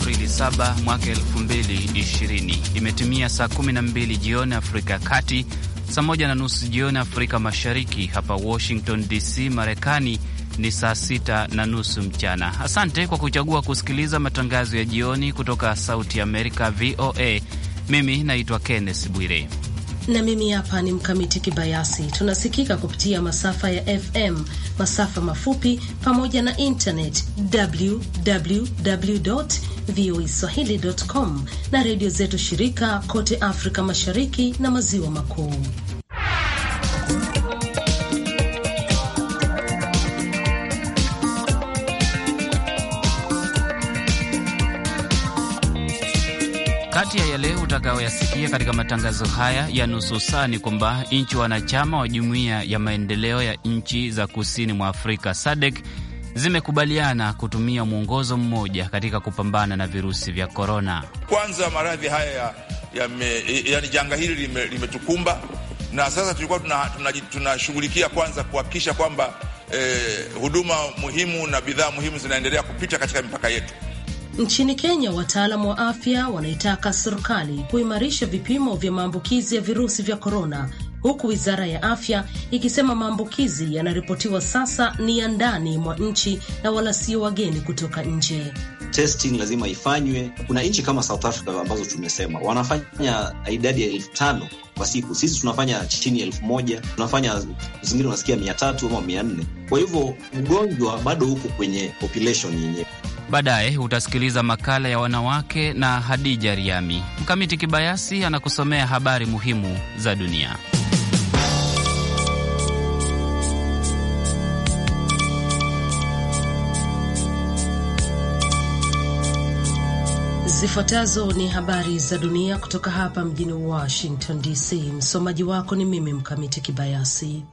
Aprili 7 mwaka 2020. Imetimia saa 12 jioni Afrika ya Kati, saa moja na nusu jioni Afrika Mashariki. Hapa Washington DC, Marekani ni saa sita na nusu mchana. Asante kwa kuchagua kusikiliza matangazo ya jioni kutoka Sauti Amerika, VOA. Mimi naitwa Kenneth Bwire na mimi hapa ni Mkamiti Kibayasi. Tunasikika kupitia masafa ya FM, masafa mafupi, pamoja na internet www voa swahili.com, na redio zetu shirika kote Afrika Mashariki na Maziwa Makuu. Kati ya yale utakayoyasikia katika matangazo haya ya nusu saa ni kwamba nchi wanachama wa jumuiya ya maendeleo ya nchi za kusini mwa Afrika SADC zimekubaliana kutumia mwongozo mmoja katika kupambana na virusi vya korona. Kwanza maradhi haya me, yani janga hili limetukumba lime na sasa tulikuwa tunashughulikia tuna, tuna kwanza kuhakikisha kwamba eh, huduma muhimu na bidhaa muhimu zinaendelea kupita katika mipaka yetu. Nchini Kenya, wataalam wa afya wanaitaka serikali kuimarisha vipimo vya maambukizi ya virusi vya korona, huku wizara ya afya ikisema maambukizi yanaripotiwa sasa ni ya ndani mwa nchi na wala sio wageni kutoka nje. Testing lazima ifanywe. Kuna nchi kama South Africa ambazo tumesema wanafanya idadi ya elfu tano kwa siku. Sisi tunafanya chini ya elfu moja tunafanya zingine, unasikia mia tatu ama mia nne Kwa hivyo mgonjwa bado huko kwenye population yenyewe. Baadaye utasikiliza makala ya wanawake na Hadija Riami. Mkamiti Kibayasi anakusomea habari muhimu za dunia. Zifuatazo ni habari za dunia kutoka hapa mjini Washington DC. Msomaji wako ni mimi Mkamiti Kibayasi.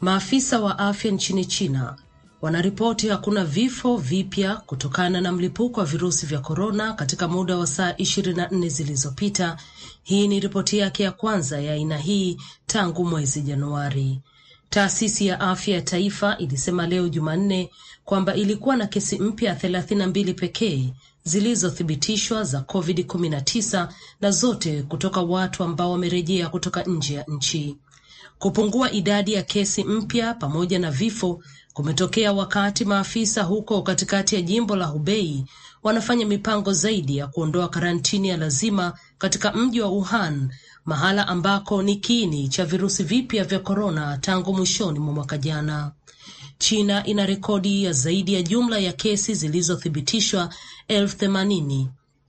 Maafisa wa afya nchini China wanaripoti hakuna vifo vipya kutokana na mlipuko wa virusi vya korona katika muda wa saa 24 zilizopita. Hii ni ripoti yake ya kwanza ya aina hii tangu mwezi Januari. Taasisi ya afya ya taifa ilisema leo Jumanne kwamba ilikuwa na kesi mpya 32 pekee zilizothibitishwa za COVID-19 na zote kutoka watu ambao wamerejea kutoka nje ya nchi. Kupungua idadi ya kesi mpya pamoja na vifo kumetokea wakati maafisa huko katikati ya jimbo la Hubei wanafanya mipango zaidi ya kuondoa karantini ya lazima katika mji wa Wuhan, mahala ambako ni kiini cha virusi vipya vya korona tangu mwishoni mwa mwaka jana. China ina rekodi ya zaidi ya jumla ya kesi zilizothibitishwa elfu themanini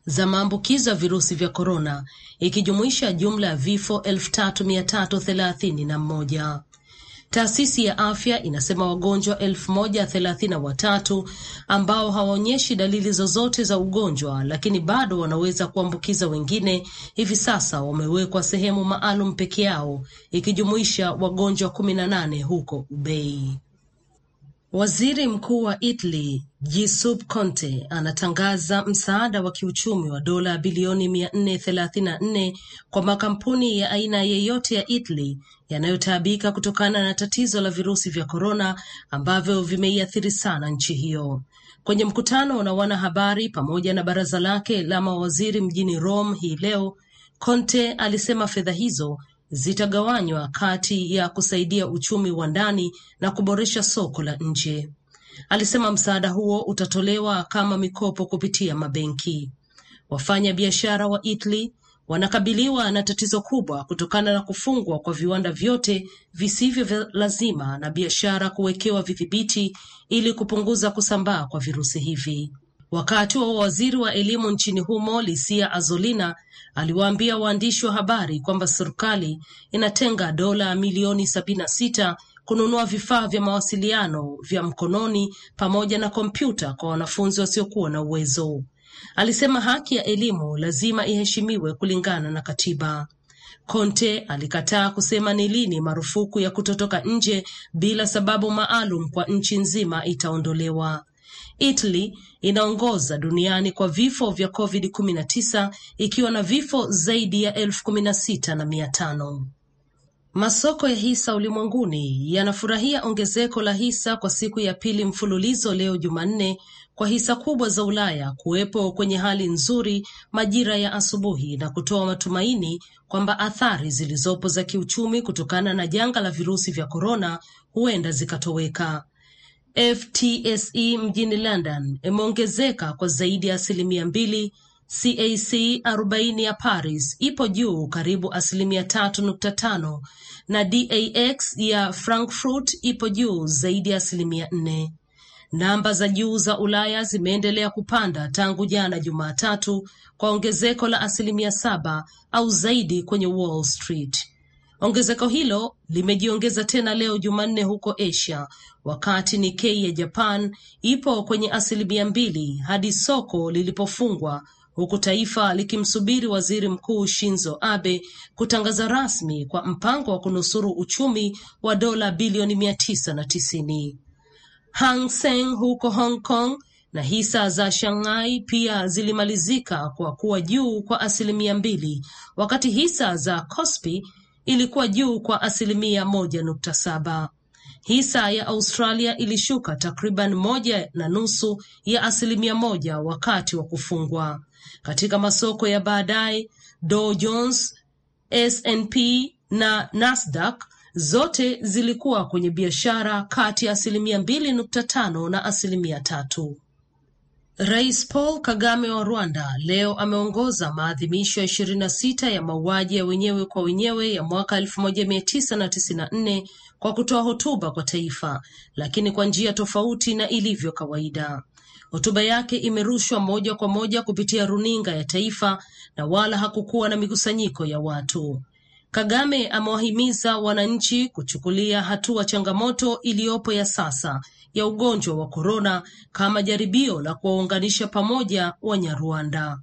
za maambukizo ya virusi vya korona ikijumuisha jumla ya vifo 3331. thelathini na mmoja. Taasisi ya afya inasema wagonjwa elfu moja watatu ambao hawaonyeshi dalili zozote za ugonjwa lakini bado wanaweza kuambukiza wengine, hivi sasa wamewekwa sehemu maalum peke yao, ikijumuisha wagonjwa kumi na nane huko Ubei. Waziri Mkuu wa Italy Giuseppe Conte anatangaza msaada wa kiuchumi wa dola bilioni mia kwa makampuni ya aina yeyote ya Italy yanayotaabika kutokana na tatizo la virusi vya korona ambavyo vimeiathiri sana nchi hiyo. Kwenye mkutano na wanahabari pamoja na baraza lake la mawaziri mjini Rome hii leo, Conte alisema fedha hizo zitagawanywa kati ya kusaidia uchumi wa ndani na kuboresha soko la nje. Alisema msaada huo utatolewa kama mikopo kupitia mabenki. Wafanya biashara wa Italy wanakabiliwa na tatizo kubwa kutokana na kufungwa kwa viwanda vyote visivyo vya lazima na biashara kuwekewa vidhibiti ili kupunguza kusambaa kwa virusi hivi. Wakati wa waziri wa elimu nchini humo Lisia Azolina aliwaambia waandishi wa habari kwamba serikali inatenga dola milioni 76 kununua vifaa vya mawasiliano vya mkononi pamoja na kompyuta kwa wanafunzi wasiokuwa na uwezo. Alisema haki ya elimu lazima iheshimiwe kulingana na katiba. Conte alikataa kusema ni lini marufuku ya kutotoka nje bila sababu maalum kwa nchi nzima itaondolewa. Italy inaongoza duniani kwa vifo vya COVID-19 ikiwa na vifo zaidi ya elfu kumi na sita na mia tano. Masoko ya hisa ulimwenguni yanafurahia ongezeko la hisa kwa siku ya pili mfululizo leo Jumanne, kwa hisa kubwa za Ulaya kuwepo kwenye hali nzuri majira ya asubuhi na kutoa matumaini kwamba athari zilizopo za kiuchumi kutokana na janga la virusi vya korona huenda zikatoweka. FTSE mjini London imeongezeka kwa zaidi ya asilimia mbili. CAC 40 ya Paris ipo juu karibu asilimia tatu na DAX ya Frankfurt ipo juu zaidi ya asilimia nne. Namba za juu za Ulaya zimeendelea kupanda tangu jana Jumatatu kwa ongezeko la asilimia saba au zaidi kwenye Wall Street. Ongezeko hilo limejiongeza tena leo Jumanne huko Asia, wakati Nikkei ya Japan ipo kwenye asilimia mbili hadi soko lilipofungwa huku taifa likimsubiri waziri mkuu Shinzo Abe kutangaza rasmi kwa mpango wa kunusuru uchumi wa dola bilioni mia tisa na tisini. Hang Seng huko Hong Kong na hisa za Shanghai pia zilimalizika kwa kuwa juu kwa asilimia mbili, wakati hisa za Kospi ilikuwa juu kwa asilimia moja nukta saba. Hisa ya Australia ilishuka takriban moja na nusu ya asilimia moja wakati wa kufungwa. Katika masoko ya baadaye, Dow Jones, S&P na Nasdaq zote zilikuwa kwenye biashara kati ya asilimia mbili nukta tano na asilimia tatu. Rais Paul Kagame wa Rwanda leo ameongoza maadhimisho ya ishirini na sita ya mauaji ya wenyewe kwa wenyewe ya mwaka elfu moja mia tisa na tisini na nne kwa kutoa hotuba kwa taifa, lakini kwa njia tofauti na ilivyo kawaida. Hotuba yake imerushwa moja kwa moja kupitia runinga ya taifa na wala hakukuwa na mikusanyiko ya watu. Kagame amewahimiza wananchi kuchukulia hatua changamoto iliyopo ya sasa ya ugonjwa wa korona kama jaribio la kuwaunganisha pamoja Wanyarwanda.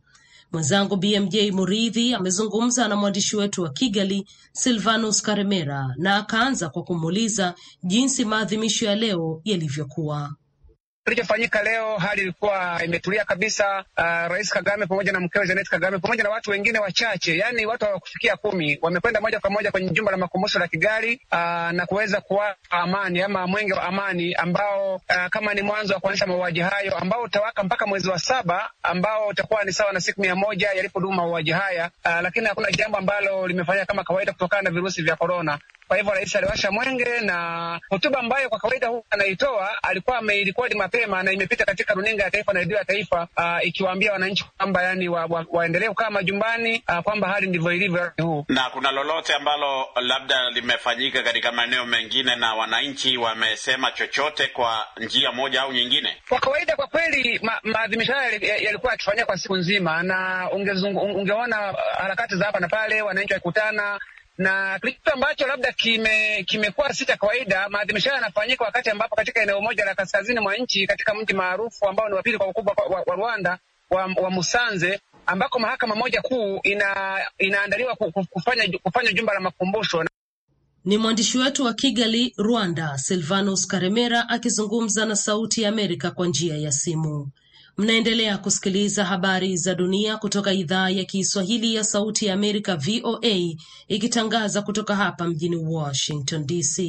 Mwenzangu BMJ Muridhi amezungumza na mwandishi wetu wa Kigali, Silvanus Karemera, na akaanza kwa kumuuliza jinsi maadhimisho ya leo yalivyokuwa kilichofanyika leo, hali ilikuwa imetulia kabisa. Uh, Rais Kagame pamoja na mkewe Janet Kagame pamoja na watu wengine wachache, yani watu hawakufikia kumi, wamekwenda moja kwa moja kwenye jumba la makumbusho la Kigali uh, na kuweza kuwa amani ama mwenge wa amani ambao uh, kama ni mwanzo wa kuanzisha mauaji hayo ambao utawaka mpaka mwezi wa saba ambao utakuwa ni sawa na siku mia moja yalipodumu mauaji haya uh, lakini hakuna jambo ambalo limefanyika kama kawaida kutokana na virusi vya korona. Kwa hivyo rais aliwasha mwenge, na hotuba ambayo kwa kawaida huwa anaitoa alikuwa ameirikodi mapema na imepita katika runinga ya taifa na redio ya taifa, uh, ikiwaambia wananchi kwamba yani wa, wa, waendelee kukaa majumbani, uh, kwamba hali ndivyo ilivyo huu. Na kuna lolote ambalo labda limefanyika katika maeneo mengine na wananchi wamesema chochote kwa njia moja au nyingine? Kwa kawaida kwa kweli maadhimisho ma, haya yalikuwa yakifanyika kwa siku nzima, na ungeona harakati za hapa na pale, wananchi wakikutana na kitu ambacho labda kime kimekuwa si cha kawaida. Maadhimisho hayo yanafanyika wakati ambapo katika eneo moja la kaskazini mwa nchi katika mji maarufu ambao ni wa pili kwa ukubwa wa, wa Rwanda wa, wa Musanze ambako mahakama moja kuu ina, inaandaliwa kufanya, kufanya jumba la makumbusho. Ni mwandishi wetu wa Kigali, Rwanda, Silvanus Karemera akizungumza na Sauti ya Amerika kwa njia ya simu. Mnaendelea kusikiliza habari za dunia kutoka idhaa ya Kiswahili ya Sauti ya Amerika, VOA, ikitangaza kutoka hapa mjini Washington DC.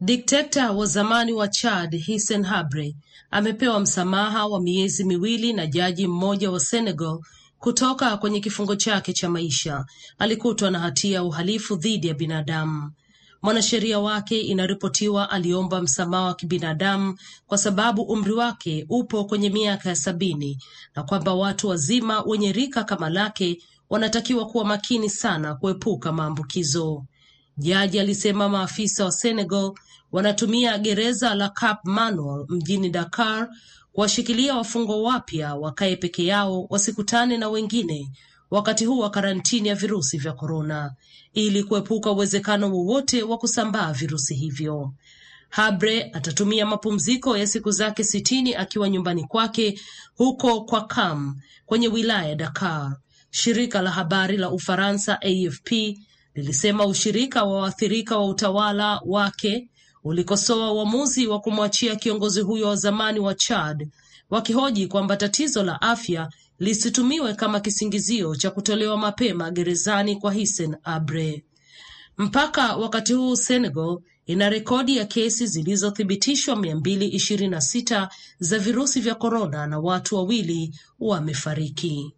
Dikteta wa zamani wa Chad Hissen Habre amepewa msamaha wa miezi miwili na jaji mmoja wa Senegal kutoka kwenye kifungo chake cha maisha. Alikutwa na hatia ya uhalifu dhidi ya binadamu. Mwanasheria wake inaripotiwa aliomba msamaha wa kibinadamu kwa sababu umri wake upo kwenye miaka ya sabini na kwamba watu wazima wenye rika kama lake wanatakiwa kuwa makini sana kuepuka maambukizo. Jaji alisema maafisa wa Senegal wanatumia gereza la Cap Manuel mjini Dakar kuwashikilia wafungwa wapya wakaye peke yao wasikutane na wengine wakati huu wa karantini ya virusi vya korona ili kuepuka uwezekano wowote wa kusambaa virusi hivyo. Habre atatumia mapumziko ya siku zake sitini akiwa nyumbani kwake huko kwa Kam kwenye wilaya ya Dakar. Shirika la habari la Ufaransa AFP lilisema ushirika wa waathirika wa utawala wake ulikosoa uamuzi wa kumwachia kiongozi huyo wa zamani wa Chad, wakihoji kwamba tatizo la afya lisitumiwe kama kisingizio cha kutolewa mapema gerezani kwa hisen Abre. Mpaka wakati huu Senegal ina rekodi ya kesi zilizothibitishwa mia za virusi vya korona na watu wawili wamefariki.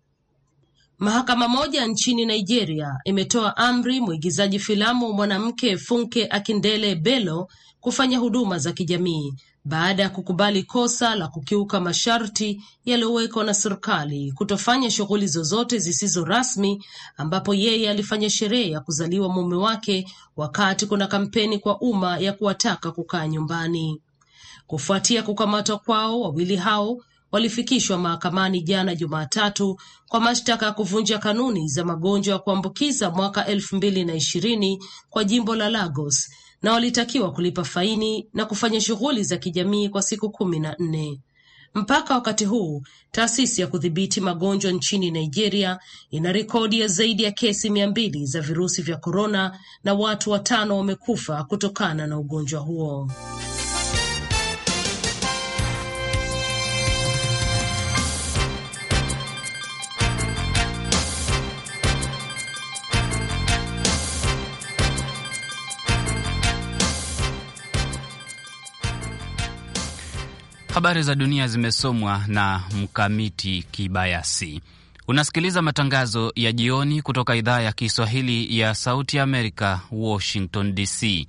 Mahakama moja nchini Nigeria imetoa amri mwigizaji filamu mwanamke Funke Akindele Bello kufanya huduma za kijamii baada ya kukubali kosa la kukiuka masharti yaliyowekwa na serikali kutofanya shughuli zozote zisizo rasmi, ambapo yeye alifanya sherehe ya kuzaliwa mume wake wakati kuna kampeni kwa umma ya kuwataka kukaa nyumbani. Kufuatia kukamatwa kwao, wawili hao walifikishwa mahakamani jana Jumatatu kwa mashtaka ya kuvunja kanuni za magonjwa ya kuambukiza mwaka elfu mbili na ishirini kwa jimbo la Lagos na walitakiwa kulipa faini na kufanya shughuli za kijamii kwa siku kumi na nne. Mpaka wakati huu taasisi ya kudhibiti magonjwa nchini Nigeria ina rekodi ya zaidi ya kesi mia mbili za virusi vya korona na watu watano wamekufa kutokana na ugonjwa huo. Habari za dunia zimesomwa na Mkamiti Kibayasi. Unasikiliza matangazo ya jioni kutoka idhaa ya Kiswahili ya Sauti Amerika, Washington DC.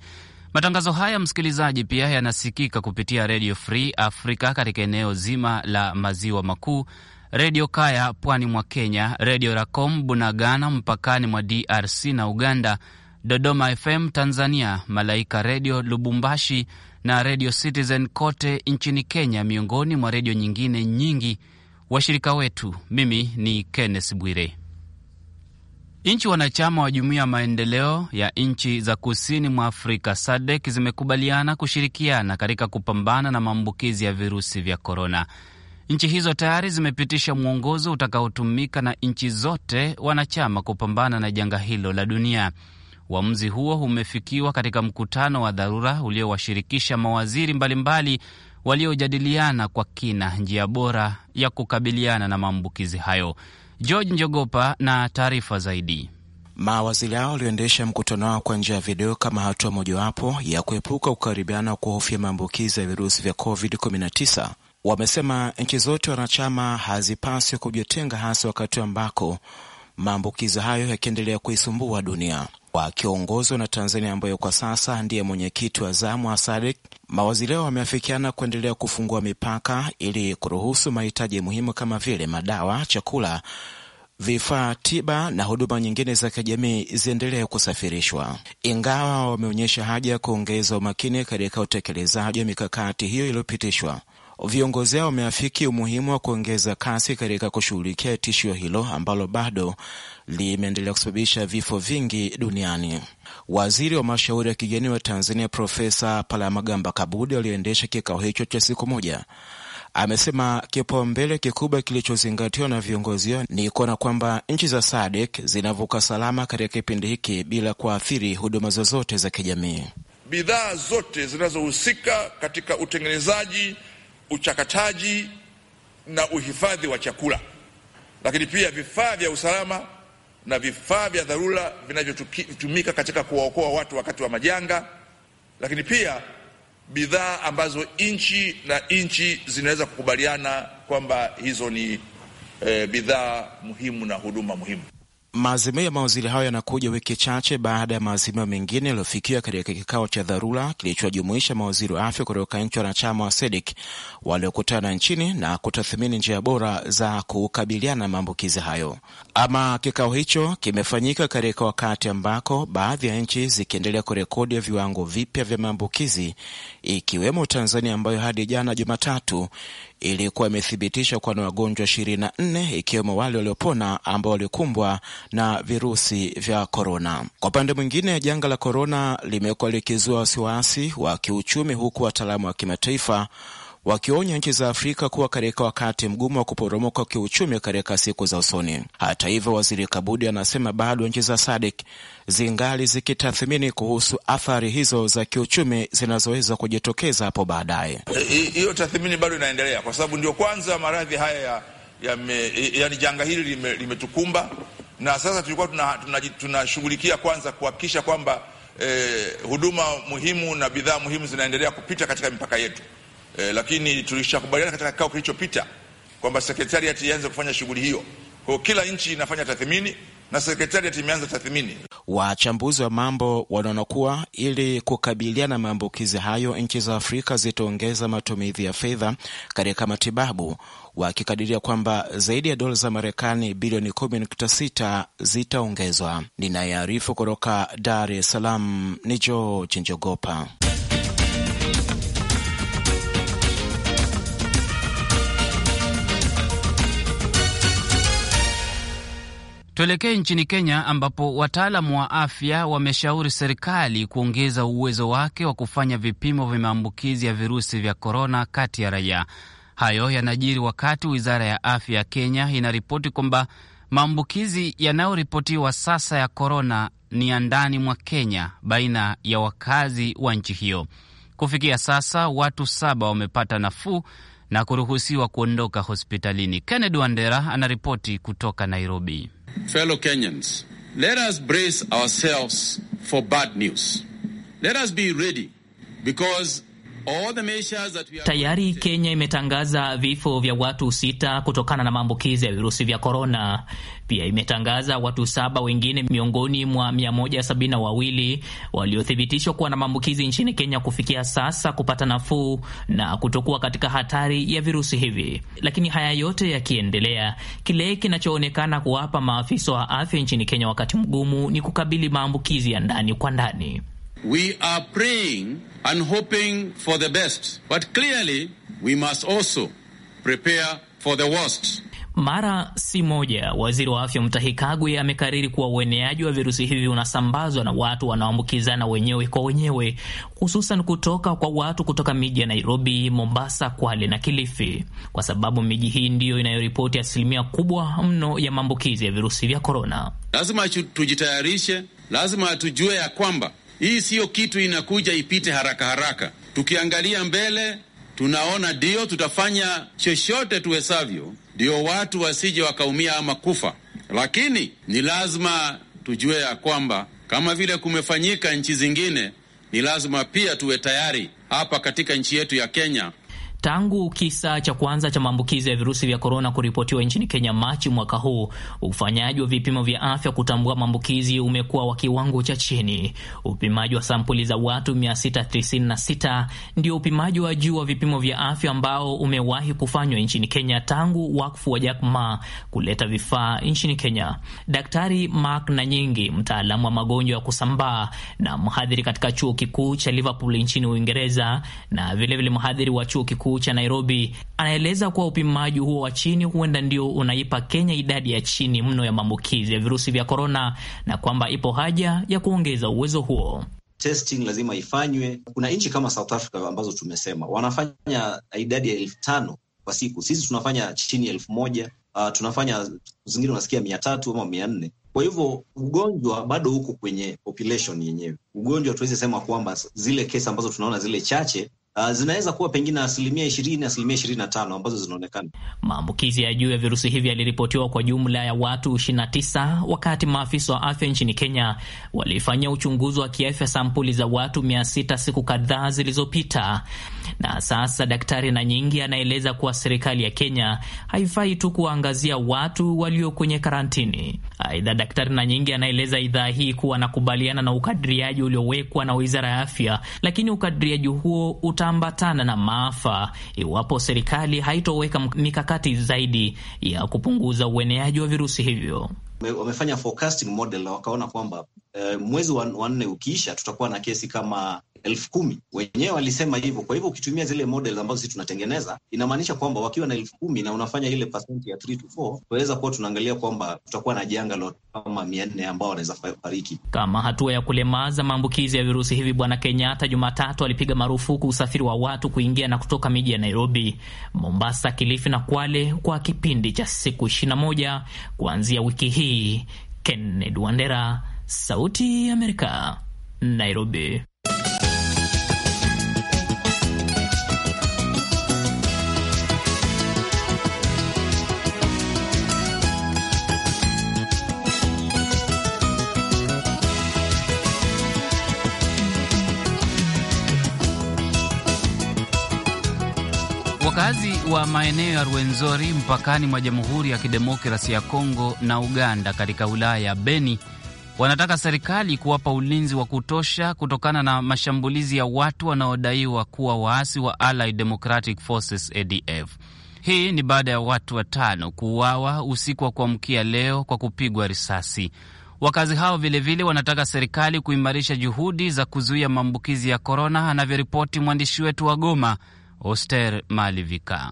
Matangazo haya msikilizaji, pia yanasikika kupitia Redio Free Africa katika eneo zima la maziwa makuu, Redio Kaya pwani mwa Kenya, Redio Racom Bunagana mpakani mwa DRC na Uganda, Dodoma FM Tanzania, Malaika Redio Lubumbashi na Radio Citizen kote nchini Kenya, miongoni mwa redio nyingine nyingi washirika wetu. Mimi ni Kenneth Bwire. Nchi wanachama wa jumuiya ya maendeleo ya nchi za kusini mwa Afrika SADC zimekubaliana kushirikiana katika kupambana na maambukizi ya virusi vya korona. Nchi hizo tayari zimepitisha mwongozo utakaotumika na nchi zote wanachama kupambana na janga hilo la dunia. Uamuzi huo umefikiwa katika mkutano wa dharura uliowashirikisha mawaziri mbalimbali waliojadiliana kwa kina njia bora ya kukabiliana na maambukizi hayo. George Njogopa na taarifa zaidi. Mawaziri hao walioendesha mkutano wao kwa njia ya video kama hatua mojawapo ya kuepuka kukaribiana kwa hofia maambukizi ya virusi vya COVID-19 wamesema nchi zote wanachama hazipaswi kujitenga, hasa wakati ambako maambukizi hayo yakiendelea kuisumbua dunia wakiongozwa na Tanzania ambayo kwa sasa ndiye mwenyekiti wa zamu wa SADC. Mawaziri hao wameafikiana kuendelea kufungua mipaka ili kuruhusu mahitaji muhimu kama vile madawa, chakula, vifaa tiba na huduma nyingine za kijamii ziendelee kusafirishwa, ingawa wameonyesha haja ya kuongeza umakini katika utekelezaji wa mikakati hiyo iliyopitishwa. Viongozi hao wameafiki umuhimu wa kuongeza kasi katika kushughulikia tishio hilo ambalo bado limeendelea kusababisha vifo vingi duniani. Waziri wa mashauri ya kigeni wa Tanzania Profesa Palamagamba Kabudi aliendesha kikao hicho cha siku moja amesema kipaumbele kikubwa kilichozingatiwa na viongozi hao ni kuona kwamba nchi za SADC zinavuka salama katika kipindi hiki bila kuathiri huduma zozote za kijamii. Bidhaa zote zinazohusika katika utengenezaji uchakataji na uhifadhi wa chakula, lakini pia vifaa vya usalama na vifaa vya dharura vinavyotumika katika kuwaokoa watu wakati wa majanga, lakini pia bidhaa ambazo nchi na nchi zinaweza kukubaliana kwamba hizo ni e, bidhaa muhimu na huduma muhimu. Maazimio ya mawaziri hayo yanakuja wiki chache baada ya maazimio mengine yaliyofikiwa katika kikao cha dharura kilichojumuisha mawaziri wa afya kutoka nchi wanachama wa sedik waliokutana nchini na kutathmini njia bora za kukabiliana na maambukizi hayo. Ama kikao hicho kimefanyika katika wakati ambako baadhi ya nchi zikiendelea kurekodi viwango vipya vya maambukizi ikiwemo Tanzania ambayo hadi jana Jumatatu ilikuwa imethibitisha kuwa na wagonjwa 24 ikiwemo wale waliopona ambao walikumbwa na virusi vya korona. Kwa upande mwingine, janga la korona limekuwa likizua wasiwasi wa kiuchumi, huku wataalamu wa kimataifa wakionya nchi za Afrika kuwa katika wakati mgumu wa kuporomoka kiuchumi katika siku za usoni. Hata hivyo, waziri Kabudi anasema bado nchi za SADC zingali zikitathmini kuhusu athari hizo za kiuchumi zinazoweza kujitokeza hapo baadaye. Eh, hiyo tathmini bado inaendelea kwa sababu ndio kwanza maradhi haya ya, ya me, yani janga hili limetukumba lime na sasa tulikuwa tunashughulikia tuna, tuna kwanza kuhakikisha kwamba eh, huduma muhimu na bidhaa muhimu zinaendelea kupita katika mipaka yetu e, lakini tulishakubaliana katika kikao kilichopita kwamba sekretariat ianze kufanya shughuli hiyo. Kwa kila nchi inafanya tathmini na sekretariat imeanza tathmini. Wachambuzi wa mambo wanaona kuwa ili kukabiliana na maambukizi hayo, nchi za Afrika zitaongeza matumizi ya fedha katika matibabu, wakikadiria kwamba zaidi ya dola za Marekani bilioni 10.6 zitaongezwa. Ninayearifu kutoka Dar es Salaam ni George Njogopa. Tuelekee nchini Kenya ambapo wataalamu wa afya wameshauri serikali kuongeza uwezo wake wa kufanya vipimo vya maambukizi ya virusi vya korona kati ya raia. Hayo yanajiri wakati wizara ya afya ya Kenya inaripoti kwamba maambukizi yanayoripotiwa sasa ya korona ni ya ndani mwa Kenya, baina ya wakazi wa nchi hiyo. Kufikia sasa watu saba wamepata nafuu na kuruhusiwa kuondoka hospitalini. Kennedy Wandera anaripoti kutoka Nairobi. fellow Kenyans, let us brace ourselves for bad news. Let us be ready because Tayari Kenya imetangaza vifo vya watu sita kutokana na maambukizi ya virusi vya korona. Pia imetangaza watu saba wengine miongoni mwa 172 waliothibitishwa kuwa na maambukizi nchini Kenya kufikia sasa kupata nafuu na kutokuwa katika hatari ya virusi hivi. Lakini haya yote yakiendelea, kile kinachoonekana kuwapa maafisa wa afya nchini Kenya wakati mgumu ni kukabili maambukizi ya ndani kwa ndani. We are praying and hoping for the best, but clearly we must also prepare for the worst. Mara si moja waziri wa afya Mutahi Kagwe amekariri kuwa ueneaji wa virusi hivi unasambazwa na watu wanaoambukizana wenyewe kwa wenyewe, hususan kutoka kwa watu kutoka miji ya Nairobi, Mombasa, Kwale na Kilifi, kwa sababu miji hii ndiyo inayoripoti asilimia kubwa mno ya maambukizi ya virusi vya korona. Lazima tujitayarishe, lazima tujue ya kwamba hii siyo kitu inakuja ipite haraka haraka. Tukiangalia mbele, tunaona ndio tutafanya chochote tuwezavyo, ndio watu wasije wakaumia ama kufa, lakini ni lazima tujue ya kwamba kama vile kumefanyika nchi zingine, ni lazima pia tuwe tayari hapa katika nchi yetu ya Kenya Tangu kisa cha kwanza cha maambukizi ya virusi vya korona kuripotiwa nchini Kenya Machi mwaka huu, ufanyaji wa vipimo vya afya kutambua maambukizi umekuwa wa kiwango cha chini. Upimaji wa sampuli za watu 696 ndio upimaji wa juu wa vipimo vya afya ambao umewahi kufanywa nchini Kenya tangu wakfu wa Jack Ma kuleta vifaa nchini Kenya. Daktari Mark Nanyingi, mtaalamu wa magonjwa ya kusambaa na mhadhiri katika chuo kikuu cha Liverpool nchini Uingereza na vilevile mhadhiri wa chuo kikuu kikuu cha Nairobi anaeleza kuwa upimaji huo wa chini huenda ndio unaipa Kenya idadi ya chini mno ya maambukizi ya virusi vya korona na kwamba ipo haja ya kuongeza uwezo huo. Testing lazima ifanywe. Kuna nchi kama South Africa ambazo tumesema wanafanya idadi ya elfu tano kwa siku, sisi tunafanya chini ya elfu moja uh, tunafanya zingine unasikia mia tatu ama mia nne kwa hivyo ugonjwa bado huko kwenye population yenyewe. Ugonjwa tuwezi sema kwamba zile kesi ambazo tunaona zile chache uh, zinaweza kuwa pengine asilimia ishirini asilimia ishirini na tano ambazo zinaonekana. Maambukizi ya juu ya virusi hivi yaliripotiwa kwa jumla ya watu 29 na tisa wakati maafisa wa afya nchini Kenya walifanyia uchunguzi wa kiafya sampuli za watu mia sita siku kadhaa zilizopita. Na sasa Daktari na Nyingi anaeleza kuwa serikali ya Kenya haifai tu kuwaangazia watu walio kwenye karantini. Aidha, Daktari na Nyingi anaeleza idhaa hii kuwa anakubaliana na ukadiriaji uliowekwa na wizara ya afya, lakini ukadiriaji huo uta kutaambatana na maafa iwapo serikali haitoweka mikakati zaidi ya kupunguza ueneaji wa virusi hivyo. Wamefanya forecasting model na wakaona kwamba eh, mwezi wa nne ukiisha tutakuwa na kesi kama elfu kumi wenyewe walisema hivyo. Kwa hivyo ukitumia zile model ambazo sisi tunatengeneza, inamaanisha kwamba wakiwa na elfu kumi na unafanya ile pasenti ya 3 to 4, tunaweza kuwa tunaangalia kwamba tutakuwa na janga la kama mia nne ambao wanaweza fariki. Kama hatua ya kulemaza maambukizi ya virusi hivi, Bwana Kenyatta Jumatatu alipiga marufuku usafiri wa watu kuingia na kutoka miji ya Nairobi, Mombasa, Kilifi na Kwale kwa kipindi cha siku 21 kuanzia wiki hii. Kennedy Wandera, Sauti ya Amerika, Nairobi. wa maeneo ya Rwenzori mpakani mwa Jamhuri ya kidemokrasi ya Kongo na Uganda katika wilaya ya Beni wanataka serikali kuwapa ulinzi wa kutosha kutokana na mashambulizi ya watu wanaodaiwa kuwa waasi wa Allied Democratic Forces ADF. Hii ni baada ya watu watano kuuawa usiku wa kuamkia leo kwa kupigwa risasi. Wakazi hao vilevile vile wanataka serikali kuimarisha juhudi za kuzuia maambukizi ya korona, anavyoripoti mwandishi wetu wa Goma Oster Malivika.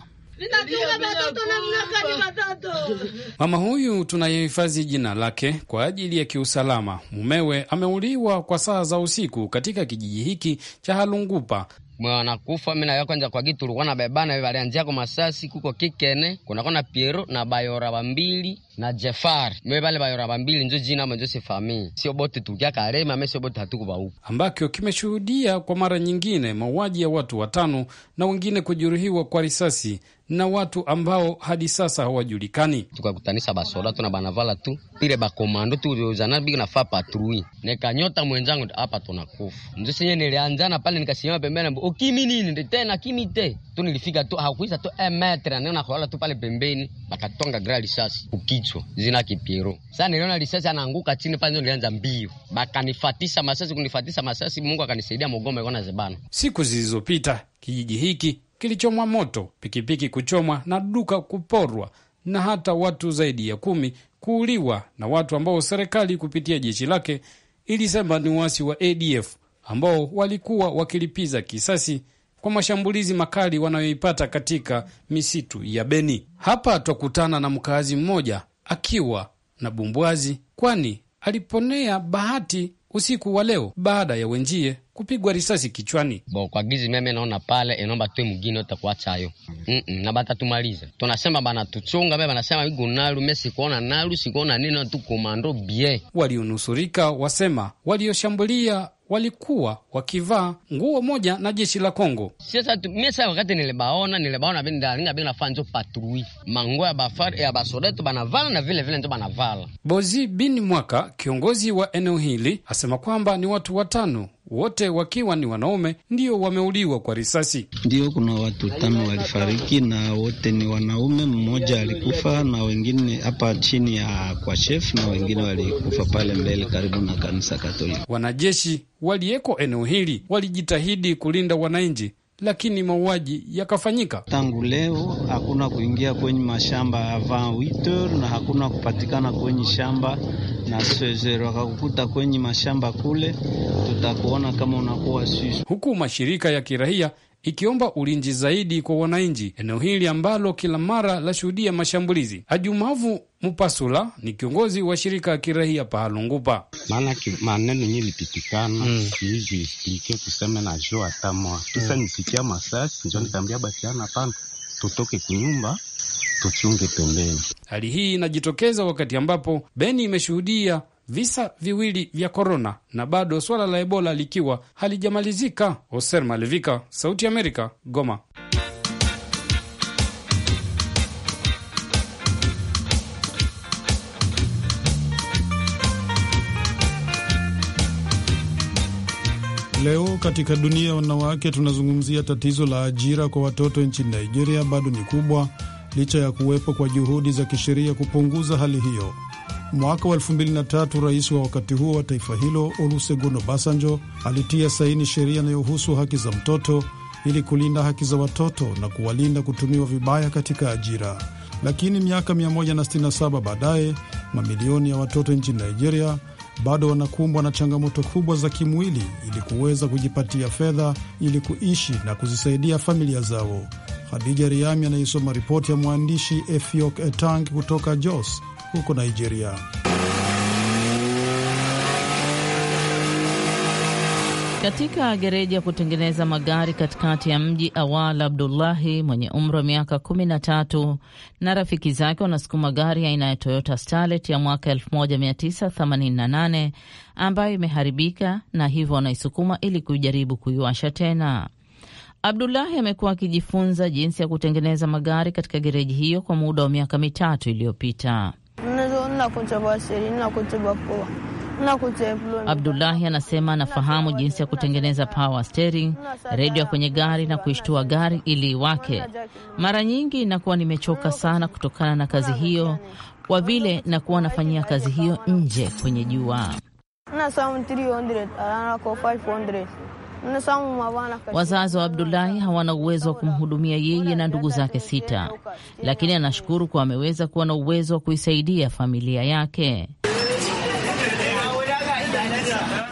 Mama huyu tunayehifadhi jina lake kwa ajili ya kiusalama, mumewe ameuliwa kwa saa za usiku katika kijiji hiki cha Halungupa. nayo minayakanja kwa gitu ulikuwa na bebana valianjia kwa masasi kuko kikene kunakona piero na bayora wa mbili na Jefar mwe bale bayoraba bambili nzo jina mwe Joseph Ami sio bote tukia Karema ame sio bote hatuko ba huko ambako kimeshuhudia kwa mara nyingine mauaji ya watu watano na wengine kujeruhiwa kwa risasi na watu ambao hadi sasa hawajulikani. Tukakutanisha basola tu na banavala tu pile bakomando na fa patrui nikanyota mwenzangu hapa tunakufa njo senye nilianzana pale nikasimama pembeni mbo ukimi nini ndi tena kimi te tu nilifika tu hakuisa tu emetre eh, nena kolala tu pale pembeni bakatonga grali sasa uki kichwa, zina kipiro. Sasa niliona risasi anaanguka chini pale, ndio nilianza mbio, bakanifatisha masasi, kunifatisha masasi. Mungu akanisaidia, mgomba ilikuwa na zebana. Siku zilizopita kijiji hiki kilichomwa moto, pikipiki kuchomwa na duka kuporwa, na hata watu zaidi ya kumi kuuliwa na watu ambao serikali kupitia jeshi lake ilisema ni uasi wa ADF ambao walikuwa wakilipiza kisasi kwa mashambulizi makali wanayoipata katika misitu ya Beni. Hapa twakutana na mkaazi mmoja akiwa na bumbwazi, kwani aliponea bahati usiku wa leo baada ya wenjie kupigwa risasi kichwani. Bo kwa gizi meme naona pale enomba eh, tu mgini yote kuacha hayo mm -mm, na bata tumalize tunasema bana tuchunga baba nasema igu nalu mesi kuona nalu sikuona nino tu komando bie. Walionusurika wasema walioshambulia walikuwa wakivaa nguo moja na jeshi la Kongo. Sasa mimi sasa wakati nilibaona nilibaona bindalinga bila fanzo patrui manguo ya bafar ya basodeto banavala na vile vile ndio banavala. Bozi bin Mwaka, kiongozi wa eneo hili, asema kwamba ni watu watano wote wakiwa ni wanaume, ndio wameuliwa kwa risasi. Ndio kuna watu tano walifariki na wote ni wanaume, mmoja alikufa na wengine hapa chini ya kwa shef, na wengine walikufa pale mbele karibu na kanisa Katoliki. Wanajeshi waliyeko eneo hili walijitahidi kulinda wananchi lakini mauaji yakafanyika. Tangu leo hakuna kuingia kwenye mashamba avant 8h na hakuna kupatikana kwenye shamba na swezero, akakukuta kwenye mashamba kule, tutakuona kama unakuwa sisi. Huku mashirika ya kirahia ikiomba ulinzi zaidi kwa wananchi eneo hili ambalo kila mara lashuhudia mashambulizi. Ajumavu Mupasula ni kiongozi wa shirika ya kirahia pahalungupa. Maana maneno yenye lipitikana mm. siiji kuseme tuseme na jo hata mwa kisa mm. nisikia masasi njo nikaambia ana pana tutoke kunyumba tuchunge pembeni. Hali hii inajitokeza wakati ambapo Beni imeshuhudia visa viwili vya korona na bado swala la Ebola likiwa halijamalizika. Hoser Malevika, Sauti ya Amerika, Goma. Leo katika dunia ya wanawake tunazungumzia tatizo la ajira kwa watoto nchini Nigeria bado ni kubwa licha ya kuwepo kwa juhudi za kisheria kupunguza hali hiyo. Mwaka wa 2003 rais wa wakati huo wa taifa hilo Olusegun Obasanjo alitia saini sheria inayohusu haki za mtoto ili kulinda haki za watoto na kuwalinda kutumiwa vibaya katika ajira. Lakini miaka 167 baadaye, mamilioni ya watoto nchini Nigeria bado wanakumbwa na changamoto kubwa za kimwili ili kuweza kujipatia fedha ili kuishi na kuzisaidia familia zao. Hadija Riami anaisoma ripoti ya mwandishi Efiok Etang kutoka Jos huko Nigeria. Katika gereji ya kutengeneza magari katikati ya mji, Awal Abdullahi mwenye umri wa miaka kumi na tatu na rafiki zake wanasukuma gari aina ya Toyota Starlet ya mwaka 1988 ambayo imeharibika na hivyo wanaisukuma ili kujaribu kuiwasha tena. Abdullahi amekuwa akijifunza jinsi ya kutengeneza magari katika gereji hiyo kwa muda wa miaka mitatu iliyopita. Abdullahi anasema anafahamu jinsi ya kutengeneza power steering, redio kwenye gari na kuishtua gari ili iwake. Mara nyingi nakuwa nimechoka sana kutokana na kazi hiyo, kwa vile nakuwa nafanyia kazi hiyo nje kwenye jua. Wazazi wa Abdulahi hawana uwezo wa kumhudumia yeye na ndugu zake sita, lakini anashukuru kuwa ameweza kuwa na uwezo wa kuisaidia familia yake.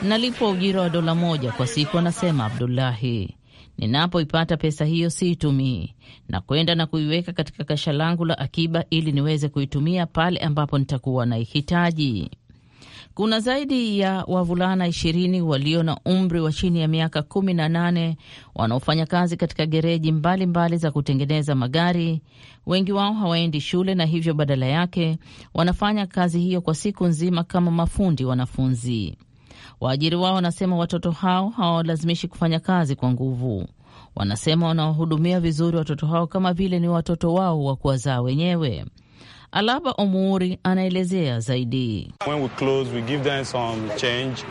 Nalipwa ujira wa dola moja kwa siku, anasema Abdulahi. Ninapoipata pesa hiyo siitumii, na kwenda na kuiweka katika kasha langu la akiba ili niweze kuitumia pale ambapo nitakuwa naihitaji kuna zaidi ya wavulana ishirini walio na umri wa chini ya miaka kumi na nane wanaofanya kazi katika gereji mbalimbali mbali za kutengeneza magari. Wengi wao hawaendi shule na hivyo badala yake wanafanya kazi hiyo kwa siku nzima kama mafundi wanafunzi. Waajiri wao wanasema watoto hao hawalazimishi kufanya kazi kwa nguvu. Wanasema wanawahudumia vizuri watoto hao kama vile ni watoto wao wa kuwazaa wenyewe. Alaba Omuri anaelezea zaidi. When we close, we give them some change.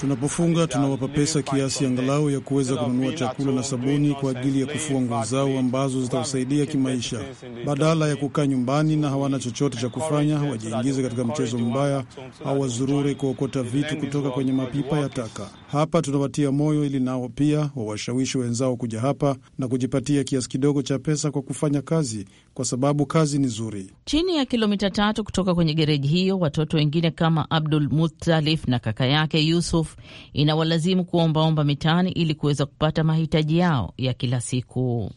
Tunapofunga tunawapa pesa kiasi angalau ya kuweza kununua chakula na sabuni kwa ajili ya kufua nguo zao ambazo zitawasaidia kimaisha, badala ya kukaa nyumbani na hawana chochote cha kufanya, wajiingize katika mchezo mbaya au wazurure kuokota vitu kutoka kwenye mapipa ya taka. Hapa tunawatia moyo ili nao pia wawashawishi wenzao kuja hapa na kujipatia kiasi kidogo cha pesa kwa kufanya kazi, kwa sababu kazi ni nzuri. Chini ya kilomita tatu kutoka kwenye gereji hiyo, watoto wengine kama Abdul Muttalif na kaka yake Yusuf inawalazimu kuombaomba mitaani ili kuweza kupata mahitaji yao ya kila siku.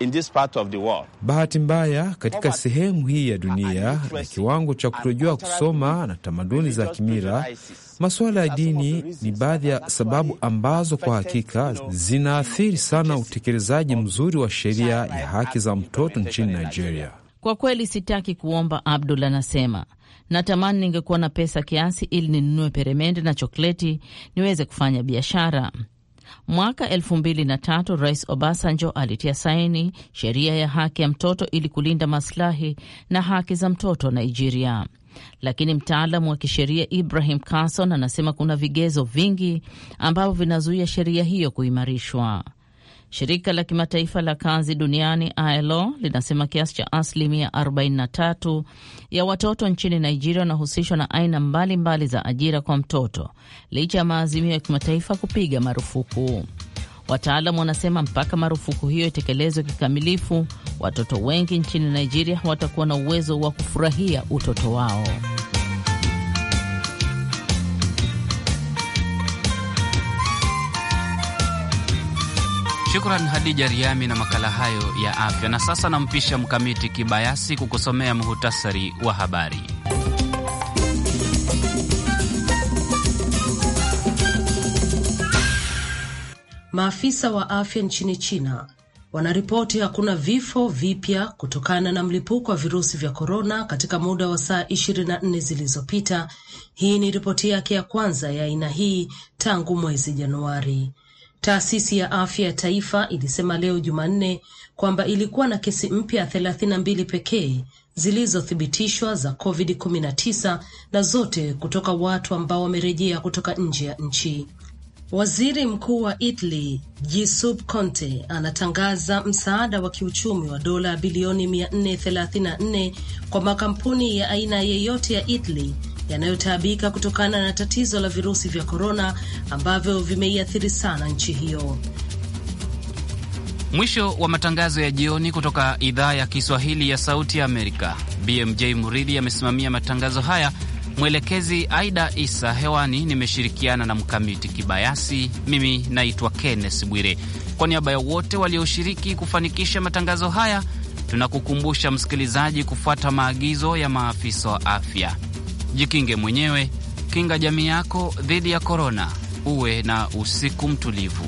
In this part of the world. Bahati mbaya katika sehemu hii ya dunia na kiwango cha kutojua kusoma na tamaduni za kimira masuala ya dini ni baadhi ya sababu ambazo kwa hakika zinaathiri sana utekelezaji mzuri wa sheria ya haki za mtoto nchini Nigeria. Kwa kweli sitaki kuomba, Abdul anasema. Natamani ningekuwa na pesa kiasi ili ninunue peremende na chokleti niweze kufanya biashara. Mwaka elfu mbili na tatu Rais Obasanjo alitia saini sheria ya haki ya mtoto ili kulinda maslahi na haki za mtoto Nigeria. Lakini mtaalamu wa kisheria Ibrahim Carson anasema kuna vigezo vingi ambavyo vinazuia sheria hiyo kuimarishwa. Shirika la kimataifa la kazi duniani ILO linasema kiasi cha asilimia 43 ya watoto nchini Nigeria wanahusishwa na aina mbalimbali mbali za ajira kwa mtoto licha ya maazimio ya kimataifa kupiga marufuku. Wataalamu wanasema mpaka marufuku hiyo itekelezwe kikamilifu, watoto wengi nchini Nigeria hawatakuwa na uwezo wa kufurahia utoto wao. Shukran Hadija Riami na makala hayo ya afya. Na sasa nampisha Mkamiti Kibayasi kukusomea muhutasari wa habari. Maafisa wa afya nchini China wanaripoti hakuna vifo vipya kutokana na mlipuko wa virusi vya korona katika muda wa saa 24 zilizopita. Hii ni ripoti yake ya kwanza ya aina hii tangu mwezi Januari. Taasisi ya Afya ya Taifa ilisema leo Jumanne kwamba ilikuwa na kesi mpya thelathini na mbili pekee zilizothibitishwa za COVID-19 na zote kutoka watu ambao wamerejea kutoka nje ya nchi. Waziri Mkuu wa Italy Giuseppe Conte anatangaza msaada wa kiuchumi wa dola bilioni 434 kwa makampuni ya aina yeyote ya Italy yanayotaabika kutokana na tatizo la virusi vya korona ambavyo vimeiathiri sana nchi hiyo. Mwisho wa matangazo ya jioni kutoka idhaa ya Kiswahili ya Sauti ya Amerika. BMJ Muridhi amesimamia matangazo haya, mwelekezi Aida Isa. Hewani nimeshirikiana na Mkamiti Kibayasi. Mimi naitwa kennes Bwire. Kwa niaba ya wote walioshiriki kufanikisha matangazo haya, tunakukumbusha msikilizaji, kufuata maagizo ya maafisa wa afya. Jikinge mwenyewe, kinga jamii yako dhidi ya korona. Uwe na usiku mtulivu.